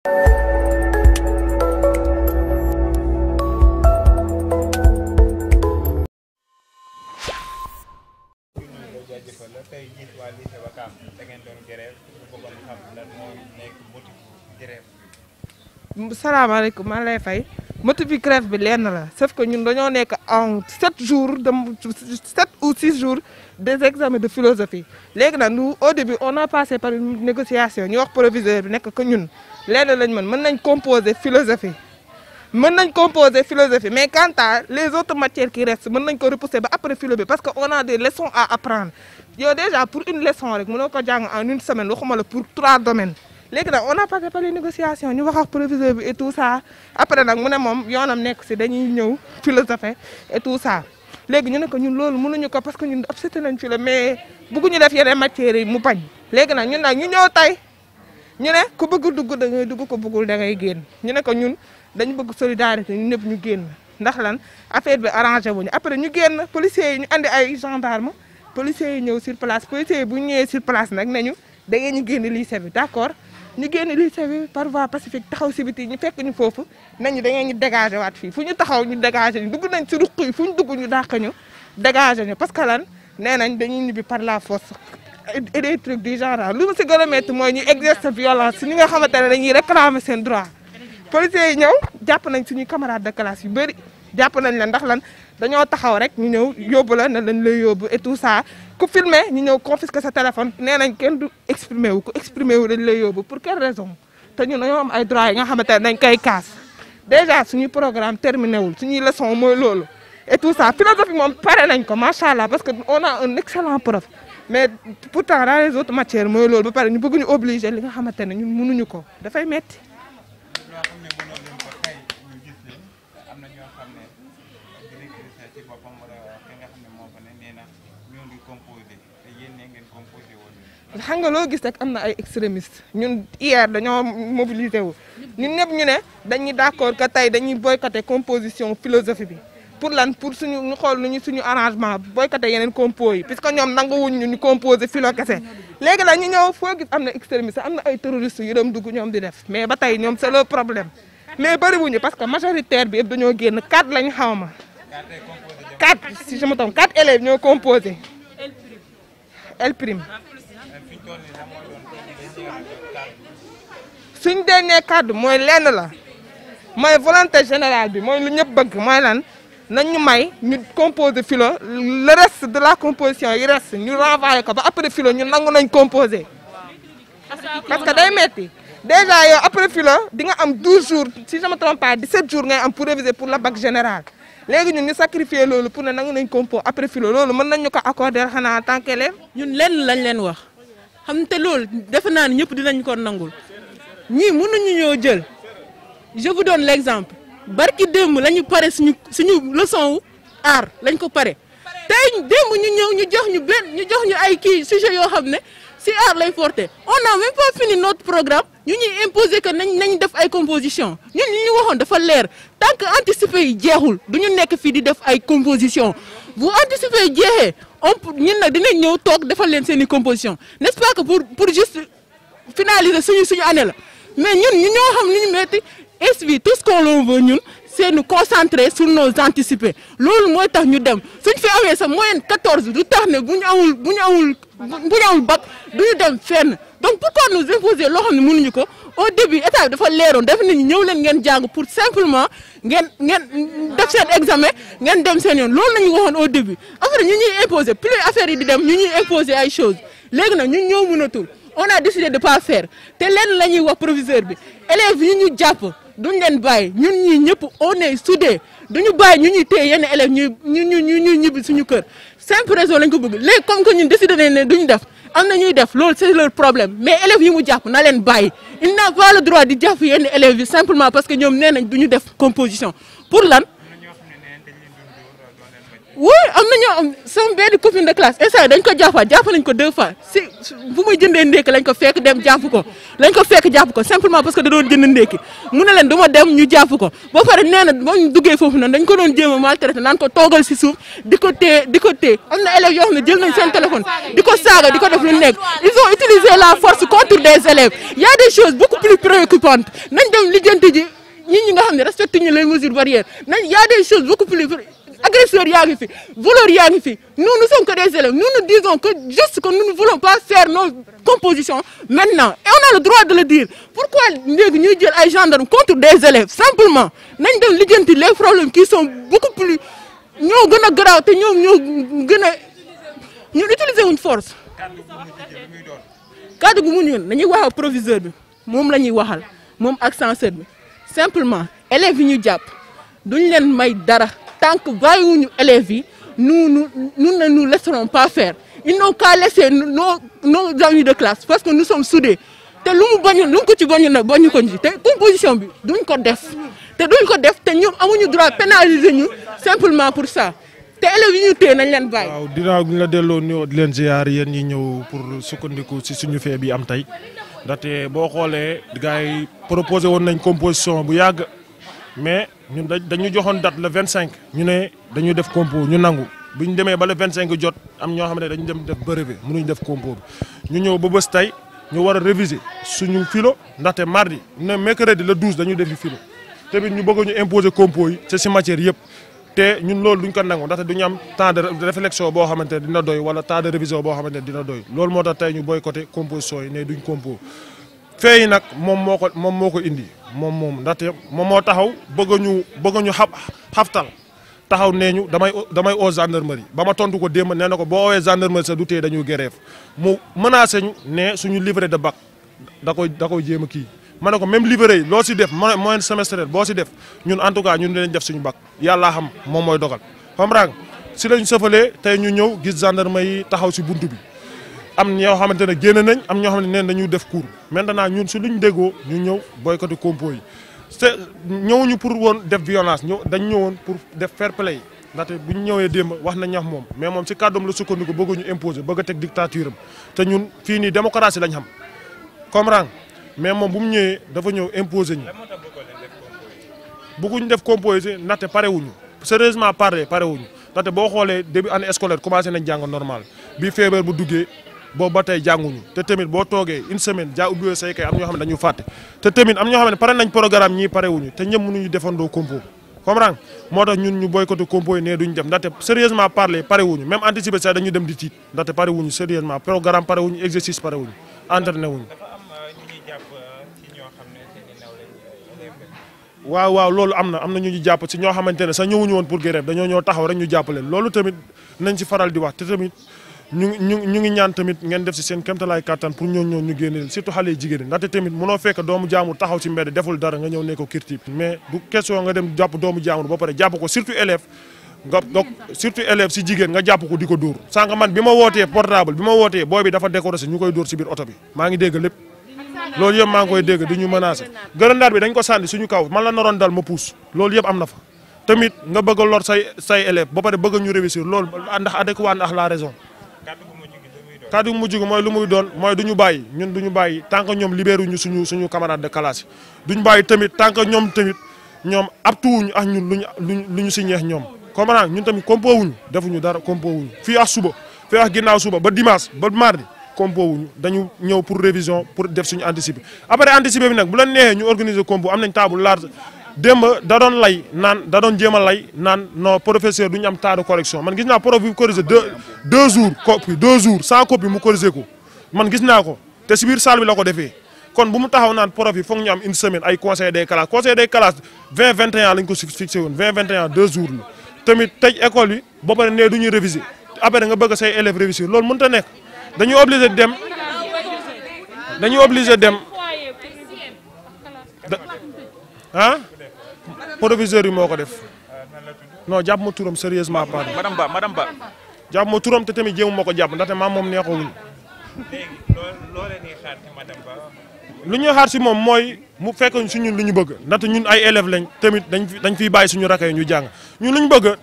jërëjëf la tey lay fay. motifu grève bi lenn la sauf que ñun dañoo nekk en sept jours de sept ou six jours des examens de philosophie léegi nag nous au début on a passé par négociation ñu wax proviseur bi nekk que ñun lenn lañ mën mën nañ composer philosophie mën philosophie mais quant les autres matières qui restent mën nañ ko repousser ba après philo bi parce que on a des leçons à apprendre yow déjà pour une leçon rek mënoo ko jàng en une semaine waxuma la pour trois domaines léegi nag on a passé par les négociations ñu wax ak proviseur bi et tout ça après nag mu ne moom yoonam nekk si dañuy ñëw philosophe et tout ça léegi ñu ne ko ñun loolu mënuñu ko parce que ñun obsété nañ fi la mais bëgguñu def yeneen matières yi mu bañ léegi nag ñun nag ñu ñëw tey ñu ne ku bëgg dugg da ngay dugg ko bëggul da ngay génn ñu ne ko ñun dañu bëgg solidarité ñun ñëpp ñu génn ndax lan affaire bi arrangé wuñu après ñu génn policiers yi ñu andi ay gendarme policiers yi ñëw sur place policiers yi bu ñëwee sur place nag nañu da ngeen ñu génn lycée bi d'accord ñu génn lycée bi par voie pacifique taxaw si biti ñu fekk ñu foofu nañu da ngeen ñu dégagé waat fii fu ñu taxaw ñu dégagé ñu dugg nañ si ruq yi fu ñu dugg ñu dàq ñu dégagé ñu parce que lan nee nañ dañuy nibi par la force et des trucs du genre lu ma si gën a métti mooy ñu exercer violence si ñi nga xamante ne dañuy réclamer seen droit policiers yi ñëw jàpp nañ suñuy camarades de classe yu bëri jàpp nañ la ndax lan dañoo taxaw rek ñu ñëw yóbbu lan na lañ lay yóbbu e tout ça ku filmé ñu ñëw confisqué sa téléphone nee nañ kenn du exprimé wu ku exprimé wu dañ lay yóbbu pour quelle raison te ñun dañoo am ay droit nga xamante ne dañ koy kaas déjà suñu programme terminé wul suñuy leçon mooy loolu et tout ça philosophie moom pare nañ ko macha allah parce que on a un excellent prof mais pourtant dans les autres matières mooy loolu ba pare ñu bëgg ñu obligé li nga xamante ne ñun mënuñu ko dafay metti xam nga loo gis rek am na ay extrémistes ñun hier dañoo mobilisé wu ñun ñëpp ñu ne dañuy d'accord que tey dañuy boycotter composition philosophie bi pour lan pour suñu ñu xool nuñu suñu arrangement boycotter yeneen compos yi puisque ñoom nanguwuñ ñu ñu composé philo kese léegi la ñu ñëw foo gis am na extrémistes am na ay terroristes yu dem dugg ñoom di def mais ba tey ñoom c'est le problème mais ñu parce que majoritaire bi yëpp dañoo génn quatre lañ xaw ma quatre si je me trompe élèves ñoo composé L prime suñ dernier kàddu mooy lenn la mooy volonté générale bi mooy lu ñëpp bëgg mooy lan na ñu may ñu composé filo le reste de la composition y reste ñu renvoyé ko ba après filo ñu nangu nañ composé parce que day metti déjà yo après filo di nga am 12 jours si je me trompe pas 17 jours ngay am pour réviser pour la bac général léegi ñun ñu sacrifier loolu pour ne nangu nañ compo après filo loolu mën nañ ñu ko accorder xanaa en tant qu'élève ñun lenn lañ leen wax xam te loolu defe naa ne ñëpp dinañ ko nangul ñii mënuñu ñoo jël je vous donne l' exemple barki démb la pare suñu suñu leçon wu aar lañ ko pare tey démb ñu ñëw ñu jox ñu benn ñu jox ñu ay kii sujet yoo xam ne si aar lay porté on a même pas fini notre programme ñu ñu imposer que nañ nañ def ay composition ñu ñu ñu waxoon dafa leer tant que anticiper yi jeexul du ñu nekk fii di def ay composition bu anticiper yi jeexee on ñun nag dinañ ñëw toog defal leen seen i composition n'est-ce pas que pour pour juste finaliser suñu suñu année la mais ñun ñu ñoo xam ni ñu metti SVI tout ce qu'on veut ñun c'est nous concentrer sur nos anticipés loolu mooy tax ñu dem suñ fi awee sa moyenne 14 du tax ne bu ñu amul bu ñu awul bu ñu amul bac du ñu dem fenn. donc pourquoi nous imposer loo xam mun mënuñu ko au début état bi dafa leeroon def nañu ñëw leen ngeen jàng pour simplement ngeen ngeen def seen examen ngeen dem seen yoon loolu la ñu waxoon au début après ñu ñuy imposer plus affaire yi di dem ñu ñu imposer ay choses léegi nag ñun ñoo mënatul on a décidé de pas faire te leen la ñuy wax proviseur bi élèves yi ñu jàpp duñ leen bàyyi ñun ñu ñëpp on est soudés duñu bàyyi ñu ñuy téye yenn élèves ñuy ñu ñu ñuy ñibbi suñu kër simple raison lañ ko bëgg léegi comme que ñun décidé nañ ne duñu def am na ñuy def loolu c'est leur problème mais élèves yi mu jàpp na leen bàyyi il n'a pas le droit di jàpp yenn élèves yi simplement parce que ñoom nee nañ ñu def composition pour lan wóor am na ñoo am sama benn copine de classe instant dañ ko jàppaat jàpp nañ ko deux fois si bu muy lañ ko fekk dem jàpp ko lañ ko fekk jàpp ko simplement parce que da doon jënd ndékki mu ne leen du ma dem ñu jàpp ko ba pare nee na ba ñu foofu noonu dañ ko doon jéem a naan ko toogal si suuf di ko téye di ko téye am na élèves yoo xam ne jël nañ seen téléphone di ko saaga di ko def lu nekk ils ont la force contre des élèves y a des choses beaucoup plus préoccupantes ji ñi nga xam ne respecté ñu les mesures agresseurs yaa ngi fi voleurs yaa ngi fi nous nous sommes que des élèves nous nous disons que juste que nous ne voulons pas faire nos compositions maintenant et on a le droit de le dire pourquoi léegi ñuy jël ay gendarmes contre des élèves simplement nañ dem lijjanti les problèmes qui sont beaucoup plus ñoo gën a garaaw te ñoom ñoo gën a ñu utiliser wuñ force. cadre bu mu ñëw dañuy wax ak proviseur bi moom la ñuy waxal moom ak censeur bi simplement élèves yi ñu jàpp duñ leen may dara. tant que bàyyiwuñu élèves yi nu nous nous ne nous laisserons pas faire ils n'ont qu'à laisser noo nos amis de classe parce que nous sudee te lu mu bañu lu mu ko ci bañu nag bañu ko ci te composition bi duñ ko def te duñ ko def te ñoom amuñu droit pénaliser ñu simplement pour ça te élèves ñu téye nañ leen bàyyi. waaw dinaa ñu la delloo nuyoo di leen ziar yéen ñi ñëw pour sukkandiku si suñu fee am tey ndaxte boo xoolee gars yi proposé woon nañ composition bu yàgg ñun dañu joxoon date le vingt cinq ñu ne dañu def compo ñu nangu bu ñu demee ba le vingt cinq jot am ñoo xam ne dañu dem def brevet mënuñ def compo bi ñu ñëw ba bés tey ñu war a réviser suñu philo ndaxte mardi ne mercredi le douze dañu defi philo tamit ñu bëgg ñu imposer compo yi ci si matière yëpp te ñu loolu duñ ko nangu ndaxte duñu am temps de réflexion boo xamante ne dina doy wala temps de révision boo xamante ne dina doy loolu moo tax tey ñu boycotté composition yi ne duñ compo fee yi nag moom moo ko moom moo ko indi moom moom ndaxte moom moo taxaw bëgg ñu bëgg ñu xa xaftal taxaw nee ñu damay damay oo gendarmerie ba ma tontu ko démb nee na ko boo oowee gendarmerie sax du tee dañuy grève mu menacé ñu ne suñu livret de bac da koy da koy jéem a kii. ma ne ko même livret yi loo si def moyenne semestrielle boo si def ñun en tout cas ñun dinañ def suñu yàlla yàllaa xam moom mooy dogal xam nga si lañ sëfalee tey ñu ñëw gis gendarmerie yi taxaw si buntu bi. am ñoo xamante ne génn nañ am ñoo xam neen dañuy def cours maintenant ñun su luñ déggoo ñu ñëw boycotté compo yi te ñëwuñu pour woon def violence ñëw dañ ñëwoon pour def fair play ndaxte bu ñu ñëwee démb wax na ñax moom mais moom si kàddoom la sukkandiku bëgg ñu imposer bëgg a teg dictature am te ñun fii nii démocratie lañ xam comprendre mais moom bu mu ñëwee dafa ñëw imposer ñu. bëgguñ def compo yi ndaxte pare wuñu sérieusement pare pare wuñu ndaxte boo xoolee début année scolaire commencé nañ jàng normal bi feebar bu duggee. boobu ba tey jànguñu te tamit boo toogee une semaine jaa ubbiwee say kay am ñoo xam ne dañu fàtte te tamit am ñoo xam ne pare nañ programme ñii parewuñu te ñëpp mënuñu defandoo compo comprendre moo tax ñun ñu boycotté compo yi ne duñ dem ndaxte sérieusement parler parewuñu même anticiper sax dañu dem di tiit ndaxte parewuñu sérieusement programme parewuñu exercice parewuñu entraîné wuñu euh, euh, waaw waaw loolu am na am na ñu jàpp si ñoo xamante ne sax ñëwuñu woon pour grève dañoo ñoo taxaw rek ñu jàpp leen loolu tamit nañ si faral di wax te tamit ñu ngi ñu ñu ngi ñaan tamit ngeen def si seen kéemtalaay kàttan pour ñoo ñoo ñu génne leen surtout xale yi jigéen ndaxte tamit mënoo fekk doomu jaamur taxaw si mbedd deful dara nga ñëw ne ko kirtib mais bu question dem jàpp doomu jaamur ba pare jàpp ko surtout élève nga nga si jigéen nga jàpp ko di ko dóor sànq man bi ma wootee portable bi ma wootee booy bi dafa décoré ñu koy dóor si biir bi maa ngi dégg lépp loolu yëpp maa ngi koy dégg di ñu menacé gërëndaat bi dañ ko sànni suñu kaw man la noroon dal ma puus loolu yëpp am na fa tamit nga bëgg a lor say say élève ba pare bëgg ñu réussir loolu ndax adéquat ndax la raison kàddu mujj gi mooy lu muy doon mooy du ñu bàyyi ñun du ñu bàyyi tant ñoom libéré ñu suñu suñu camarade de classe yi bàyyi tamit tant que ñoom tamit ñoom abtuwuñu ak ñun luñu luñ lu ñu si ñeex ñoom comprendre ñun tamit compo wuñu ñu dara compo wuñu fii ak suba fii ak ginnaaw suba ba dimanche ba mardi compo wuñu dañu ñëw pour révision pour def suñu anticiper après anticiper bi nag bu la neexee ñu organiser compo am nañ table large démb da doon lay naan da doon a lay naan non professeur du ñu am tas de correction man gis naa prof bi corrigé deux deux jours copie mu corrigé ko man gis naa ko te si biir salle bi la ko defee kon bu mu taxaw naan prof yi foog ñu am une semaine ay conseil des classes conseil des classes vingt vingt et un la ñu ko fixé woon vingt vingt et un deux la tamit tëj école yi ba pare nee du ñuy réviser après nga bëgg say élèves réviser loolu mënut a nekk dañuy obligé dem dañu obligé dem. ah proviseur yi moo ko def non jàpp ma turam sérieusement pardon. madame Ba madame Ba. jàpp ma turam te tamit jéemu ma ko jàpp ndaxte maam moom neexawuñu. léegi loo si moom mooy mu fekk suñu lu ñu bëgg ndaxte ñun ay élèves lañ tamit dañ fi dañ fiy bàyyi suñu rakk yi jàng ñun lu ñu bëgg.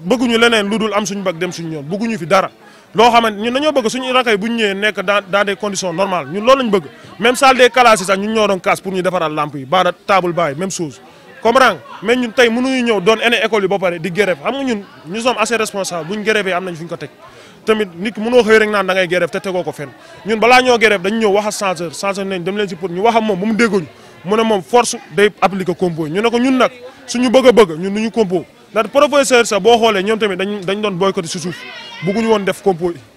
bëgguñu leneen lu dul am suñu bag dem suñu yoon bëgguñu fi dara loo xamante ñun dañoo bëgg suñu rakay bu ñu ñëwee nekk dans dans des conditions ñun loolu lañ bëgg même salle des classes sax ñoo doon kaas pour ñu defaral lamp yi baara table baay même chose comprendre mais ñun tey mënuñu ñëw doon ene école yi ba pare di grève xam nga ñun ñu sommes assez responsables buñ grève am nañ fu ñu ko teg tamit nit ki mënoo xëy rek naan da ngay grève te tegoo ko fenn ñun balaa ñoo a ñu wax ak moom ñu ko ñun ndax professeur sax boo xoolee ñoom tamit dañ dañ doon boycotté si suuf bëgguñu woon def compo